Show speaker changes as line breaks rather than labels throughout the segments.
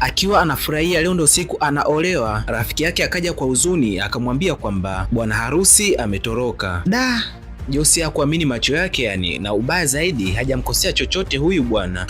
Akiwa anafurahia leo ndo siku anaolewa, rafiki yake akaja kwa huzuni akamwambia kwamba bwana harusi ametoroka.
Da, Josi hakuamini macho yake yani, na ubaya zaidi hajamkosea chochote huyu bwana.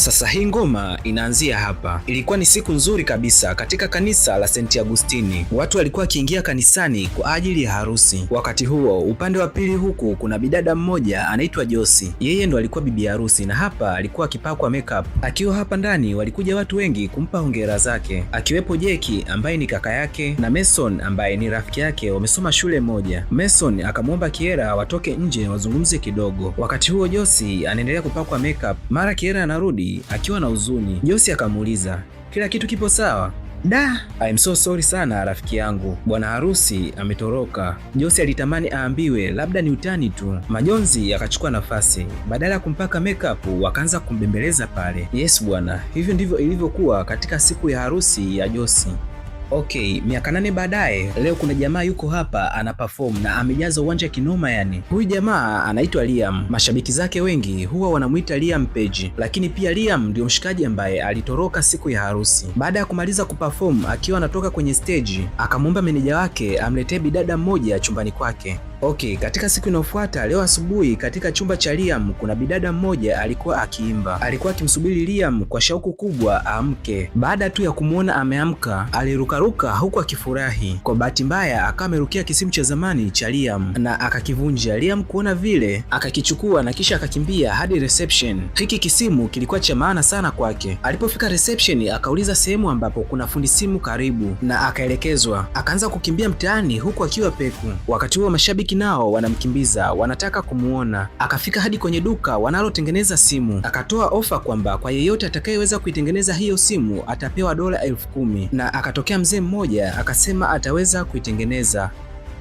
Sasa hii ngoma inaanzia hapa. Ilikuwa ni siku nzuri kabisa katika kanisa la senti Agustini, watu walikuwa wakiingia kanisani kwa ajili ya harusi. Wakati huo upande wa pili huku kuna bidada mmoja anaitwa Josi, yeye ndo alikuwa bibi harusi na hapa alikuwa akipakwa makeup. Akiwa hapa ndani walikuja watu wengi kumpa hongera zake, akiwepo Jeki ambaye ni kaka yake na Mason ambaye ni rafiki yake, wamesoma shule moja. Mason akamwomba Kiera watoke nje wazungumze kidogo. Wakati huo Josi anaendelea kupakwa makeup, mara Kiera anarudi akiwa na huzuni. Josi akamuuliza, kila kitu kipo sawa?
Da, I'm so sorry sana rafiki yangu, bwana harusi ametoroka. Josi alitamani aambiwe labda ni utani tu. Majonzi yakachukua nafasi, badala ya kumpaka makeup wakaanza kumbembeleza pale. Yes bwana, hivyo ndivyo ilivyokuwa katika siku ya harusi ya Josi.
Okay, miaka nane baadaye leo kuna jamaa yuko hapa ana perform na amejaza uwanja kinoma yani. Huyu jamaa anaitwa Liam. Mashabiki zake wengi huwa wanamuita Liam Page, lakini pia Liam ndio mshikaji ambaye alitoroka siku ya harusi. Baada ya kumaliza kuperform, akiwa anatoka kwenye stage, akamwomba meneja wake amletee bidada mmoja chumbani kwake. Okay, katika siku inayofuata leo asubuhi katika chumba cha Liam kuna bidada mmoja alikuwa akiimba. Alikuwa akimsubiri Liam kwa shauku kubwa aamke. Baada tu ya kumwona ameamka, alirukaruka huku akifurahi. Kwa bahati mbaya akawa amerukia kisimu cha zamani cha Liam na akakivunja. Liam kuona vile akakichukua na kisha akakimbia hadi reception. Hiki kisimu kilikuwa cha maana sana kwake. Alipofika reception, akauliza sehemu ambapo kuna fundi simu karibu na akaelekezwa. Akaanza kukimbia mtaani huku akiwa peku. Wakati huo mashabiki marafiki nao wanamkimbiza, wanataka kumuona. Akafika hadi kwenye duka wanalotengeneza simu, akatoa ofa kwamba kwa yeyote atakayeweza kuitengeneza hiyo simu atapewa dola elfu kumi na akatokea mzee mmoja akasema ataweza kuitengeneza.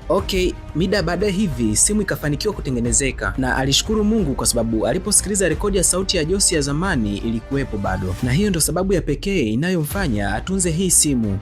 Okay, mida baadaye hivi simu ikafanikiwa kutengenezeka na alishukuru Mungu kwa sababu aliposikiliza rekodi ya sauti ya Josi ya zamani ilikuwepo bado, na hiyo ndo sababu ya pekee inayomfanya atunze hii simu.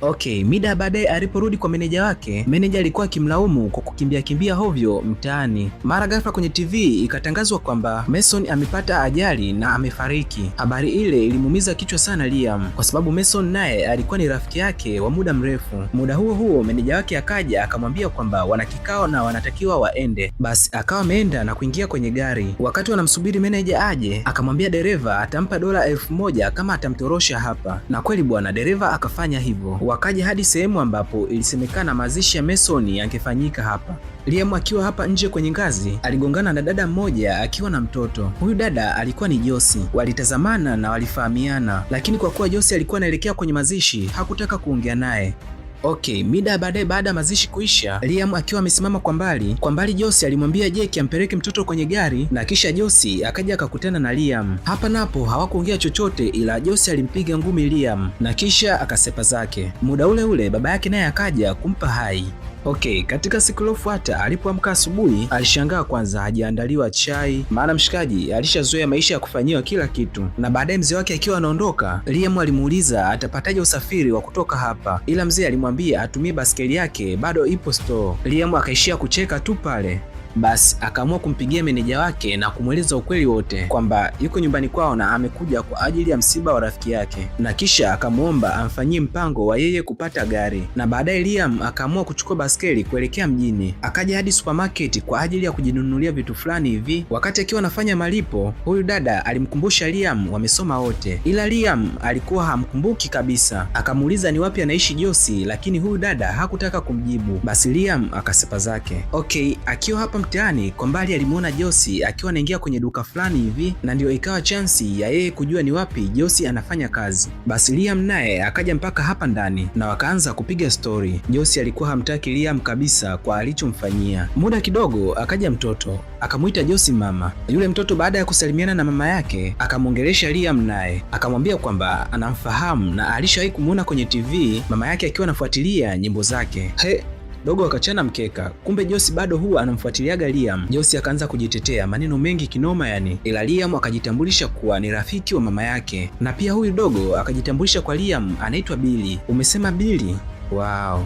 Okay, mida baadaye aliporudi kwa meneja wake, meneja alikuwa akimlaumu kwa kukimbia kimbia hovyo mtaani. Mara ghafla kwenye TV ikatangazwa kwamba Mason amepata ajali na amefariki. Habari ile ilimuumiza kichwa sana Liam, kwa sababu Mason naye alikuwa ni rafiki yake wa muda mrefu. Muda huo huo meneja wake akaja akamwambia kwamba wana kikao na wanatakiwa waende. Basi akawa ameenda na kuingia kwenye gari. Wakati wanamsubiri meneja aje, akamwambia dereva atampa dola elfu moja kama atamtorosha hapa, na kweli bwana dereva akafanya hivyo. Wakaja hadi sehemu ambapo ilisemekana mazishi ya Mason yangefanyika hapa. Liam akiwa hapa nje kwenye ngazi aligongana na dada mmoja akiwa na mtoto. Huyu dada alikuwa ni Josi. Walitazamana na walifahamiana, lakini kwa kuwa Josi alikuwa anaelekea kwenye mazishi hakutaka kuongea naye. Okay, mida baadaye, baada ya mazishi kuisha, Liam akiwa amesimama kwa mbali kwa mbali, Josi alimwambia Jeki ampeleke mtoto kwenye gari na kisha Josi akaja akakutana na Liam. Hapa napo hawakuongea chochote, ila Josi alimpiga ngumi Liam na kisha akasepa zake. Muda ule ule baba yake naye akaja kumpa hai. Okay, katika siku iliyofuata alipoamka asubuhi alishangaa kwanza hajaandaliwa chai, maana mshikaji alishazoea maisha ya kufanyiwa kila kitu. Na baadaye mzee wake akiwa anaondoka, Liam alimuuliza atapataje usafiri wa kutoka hapa, ila mzee alimwambia atumie baskeli yake, bado ipo store. Liam akaishia kucheka tu pale basi akaamua kumpigia meneja wake na kumweleza ukweli wote kwamba yuko nyumbani kwao na amekuja kwa ajili ya msiba wa rafiki yake, na kisha akamwomba amfanyie mpango wa yeye kupata gari. Na baadaye Liam akaamua kuchukua baskeli kuelekea mjini, akaja hadi supermarket kwa ajili ya kujinunulia vitu fulani hivi. Wakati akiwa anafanya malipo, huyu dada alimkumbusha Liam wamesoma wote, ila Liam alikuwa hamkumbuki kabisa. Akamuuliza ni wapi anaishi Josi, lakini huyu dada hakutaka kumjibu. Basi Liam akasepa zake. Okay, akiwa hapa mtaani kwa mbali alimuona Josi akiwa anaingia kwenye duka fulani hivi, na ndio ikawa chansi ya yeye kujua ni wapi Josi anafanya kazi. Basi Liam naye akaja mpaka hapa ndani na wakaanza kupiga stori. Josi alikuwa hamtaki Liam kabisa kwa alichomfanyia. Muda kidogo akaja mtoto akamwita Josi mama. Yule mtoto baada ya kusalimiana na mama yake akamwongelesha Liam naye akamwambia kwamba anamfahamu na alishawahi kumuona kwenye TV mama yake akiwa anafuatilia nyimbo zake.
He, Dogo wakachana mkeka, kumbe Josi bado huwa anamfuatiliaga Liam. Josi akaanza kujitetea maneno mengi kinoma yani, ila Liam akajitambulisha kuwa ni rafiki wa mama yake, na pia huyu dogo akajitambulisha kwa Liam anaitwa bili Umesema bili Wow,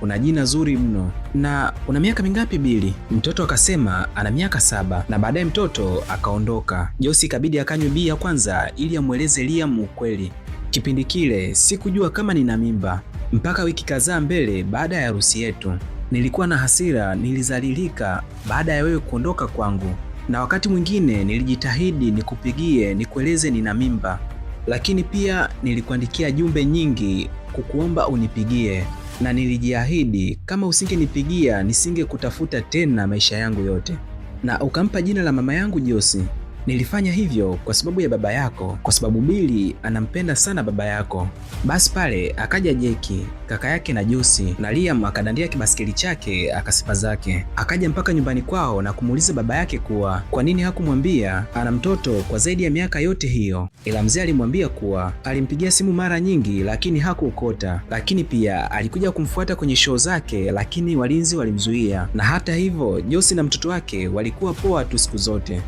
una jina zuri mno na una miaka mingapi Bili? Mtoto akasema ana miaka saba, na baadaye mtoto akaondoka. Josi ikabidi akanywe bia kwanza ili amweleze Liam ukweli. Kipindi kile sikujua kama nina mimba, mpaka wiki kadhaa mbele baada ya harusi yetu, nilikuwa na hasira, nilizalilika baada ya wewe kuondoka kwangu, na wakati mwingine nilijitahidi nikupigie, nikueleze nina mimba, lakini pia nilikuandikia jumbe nyingi kukuomba unipigie, na nilijiahidi kama usingenipigia nisingekutafuta tena maisha yangu yote, na ukampa jina la mama yangu Josi. Nilifanya hivyo kwa sababu ya baba yako, kwa sababu Bili anampenda sana baba yako. Basi pale akaja Jeki kaka yake na Josi na Liam akadandia kibaskeli chake akasipa zake, akaja mpaka nyumbani kwao na kumuuliza baba yake kuwa kwa nini hakumwambia ana mtoto kwa zaidi ya miaka yote hiyo, ila mzee alimwambia kuwa alimpigia simu mara nyingi lakini hakuokota, lakini pia alikuja kumfuata kwenye show zake, lakini walinzi walimzuia. Na hata hivyo Josi na mtoto wake walikuwa poa tu siku zote.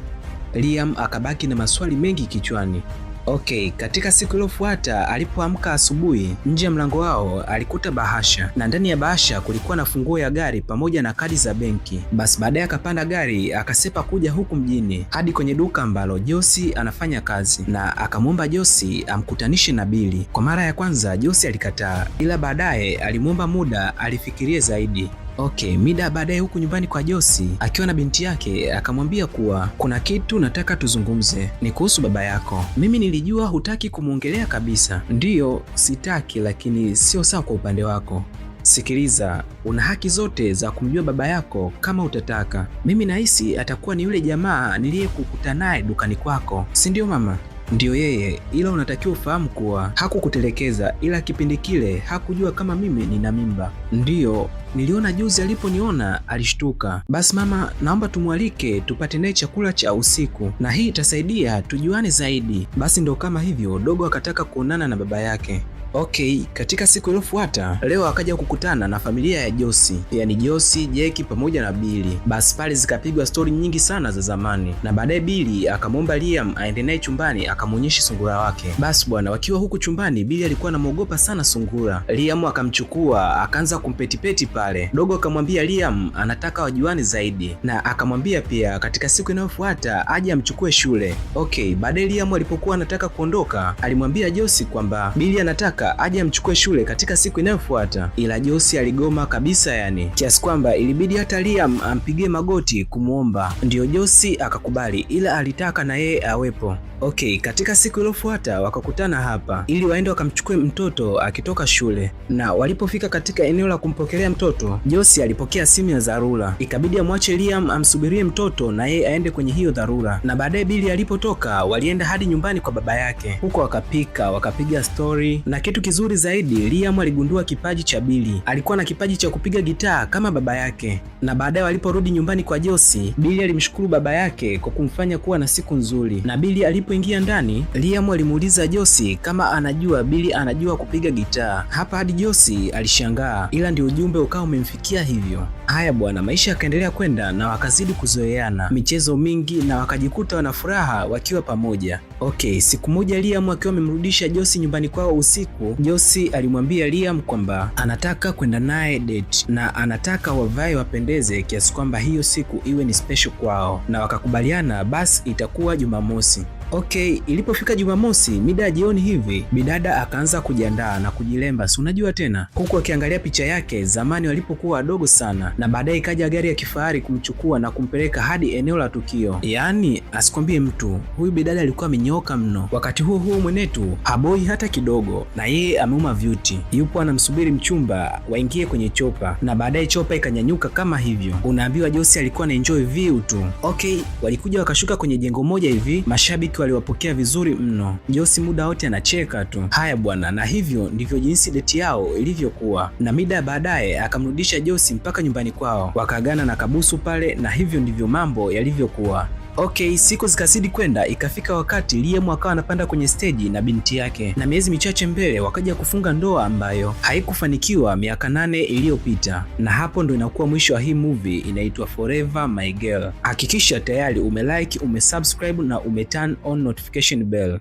Liam akabaki na maswali mengi kichwani.
Okay, katika siku iliyofuata alipoamka asubuhi, nje ya mlango wao alikuta bahasha na ndani ya bahasha kulikuwa na funguo ya gari pamoja na kadi za benki. Basi baadaye akapanda gari akasepa kuja huku mjini hadi kwenye duka ambalo Josi anafanya kazi na akamwomba Josi amkutanishe na Bili. Kwa mara ya kwanza Josi alikataa, ila baadaye alimwomba muda alifikirie zaidi. Okay, mida baadaye huku nyumbani kwa Josi akiwa na binti yake akamwambia kuwa kuna kitu nataka tuzungumze, ni kuhusu baba yako. Mimi nilijua hutaki kumwongelea kabisa. Ndiyo, sitaki, lakini sio sawa kwa upande wako. Sikiliza, una haki zote za kumjua baba yako kama utataka. Mimi nahisi atakuwa ni yule jamaa niliyekukuta naye dukani kwako, si ndio mama? ndiyo yeye, ila unatakiwa ufahamu kuwa hakukutelekeza, ila kipindi kile hakujua kama mimi nina mimba. Ndiyo niliona juzi, aliponiona alishtuka. Basi mama, naomba tumwalike tupate naye chakula cha usiku, na hii itasaidia tujuane zaidi. Basi ndo kama hivyo, dogo akataka kuonana na baba yake. Okay, katika siku iliyofuata Leo akaja kukutana na familia ya Josi, yani Josi, Jeki pamoja na Bili. Basi pale zikapigwa stori nyingi sana za zamani, na baadaye Bili akamwomba Liam aende naye chumbani akamwonyeshe sungura wake. Basi bwana, wakiwa huku chumbani, Bili alikuwa anamwogopa sana sungura. Liam akamchukua akaanza kumpetipeti pale. Dogo akamwambia Liam anataka wajuani zaidi, na akamwambia pia katika siku inayofuata aje amchukue shule. Okay, baadaye Liam alipokuwa anataka kuondoka, alimwambia Josi kwamba Bili anataka haraka aje amchukue shule katika siku inayofuata, ila Josi aligoma kabisa, yani kiasi kwamba ilibidi hata Liam ampigie magoti kumwomba, ndiyo Josi akakubali, ila alitaka na yeye awepo. Okay, katika siku iliyofuata wakakutana hapa ili waende wakamchukue mtoto akitoka shule, na walipofika katika eneo la kumpokelea mtoto, Josi alipokea simu ya dharura, ikabidi amwache Liam amsubirie mtoto na yeye aende kwenye hiyo dharura. Na baadaye Bili alipotoka, walienda hadi nyumbani kwa baba yake, huko wakapika, wakapiga stori na kitu kitu kizuri zaidi, Liam aligundua kipaji cha Billy. Alikuwa na kipaji cha kupiga gitaa kama baba yake, na baadaye waliporudi nyumbani kwa Josi, Billy alimshukuru baba yake kwa kumfanya kuwa na siku nzuri. Na Billy alipoingia ndani, Liam alimuuliza Josi kama anajua Billy anajua kupiga gitaa. Hapa hadi Josi alishangaa, ila ndio ujumbe ukawa umemfikia hivyo. Haya bwana, maisha yakaendelea kwenda na wakazidi kuzoeana michezo mingi na wakajikuta wana furaha wakiwa pamoja. Okay, siku moja Liam akiwa amemrudisha Josi nyumbani kwao usiku, Josi alimwambia Liam kwamba anataka kwenda naye date na anataka wavae wapendeze kiasi kwamba hiyo siku iwe ni special kwao, na wakakubaliana basi itakuwa Jumamosi. Okay, ilipofika Jumamosi mida ya jioni hivi, bidada akaanza kujiandaa na kujilemba, si unajua tena, huku akiangalia picha yake zamani walipokuwa wadogo sana, na baadaye ikaja gari ya kifahari kumchukua na kumpeleka hadi eneo la tukio. Yaani asikwambie mtu, huyu bidada alikuwa amenyooka mno. Wakati huo huo, mwenetu haboi hata kidogo, na yeye ameuma vyuti, yupo anamsubiri mchumba waingie kwenye chopa, na baadaye chopa ikanyanyuka kama hivyo. Unaambiwa Josi alikuwa na enjoy view tu. Okay, walikuja wakashuka kwenye jengo moja hivi, mashabiki aliwapokea vizuri mno. Josi muda wote anacheka tu. Haya bwana, na hivyo ndivyo jinsi deti yao ilivyokuwa, na mida baadaye akamrudisha Josi mpaka nyumbani kwao, wakaagana na Kabusu pale, na hivyo ndivyo mambo yalivyokuwa. Okay, siku zikazidi kwenda, ikafika wakati Liam akawa anapanda kwenye steji na binti yake, na miezi michache mbele wakaja kufunga ndoa ambayo haikufanikiwa miaka nane iliyopita, na hapo ndo inakuwa mwisho wa hii movie inaitwa Forever My Girl. Hakikisha tayari umelike, umesubscribe na umeturn on notification bell.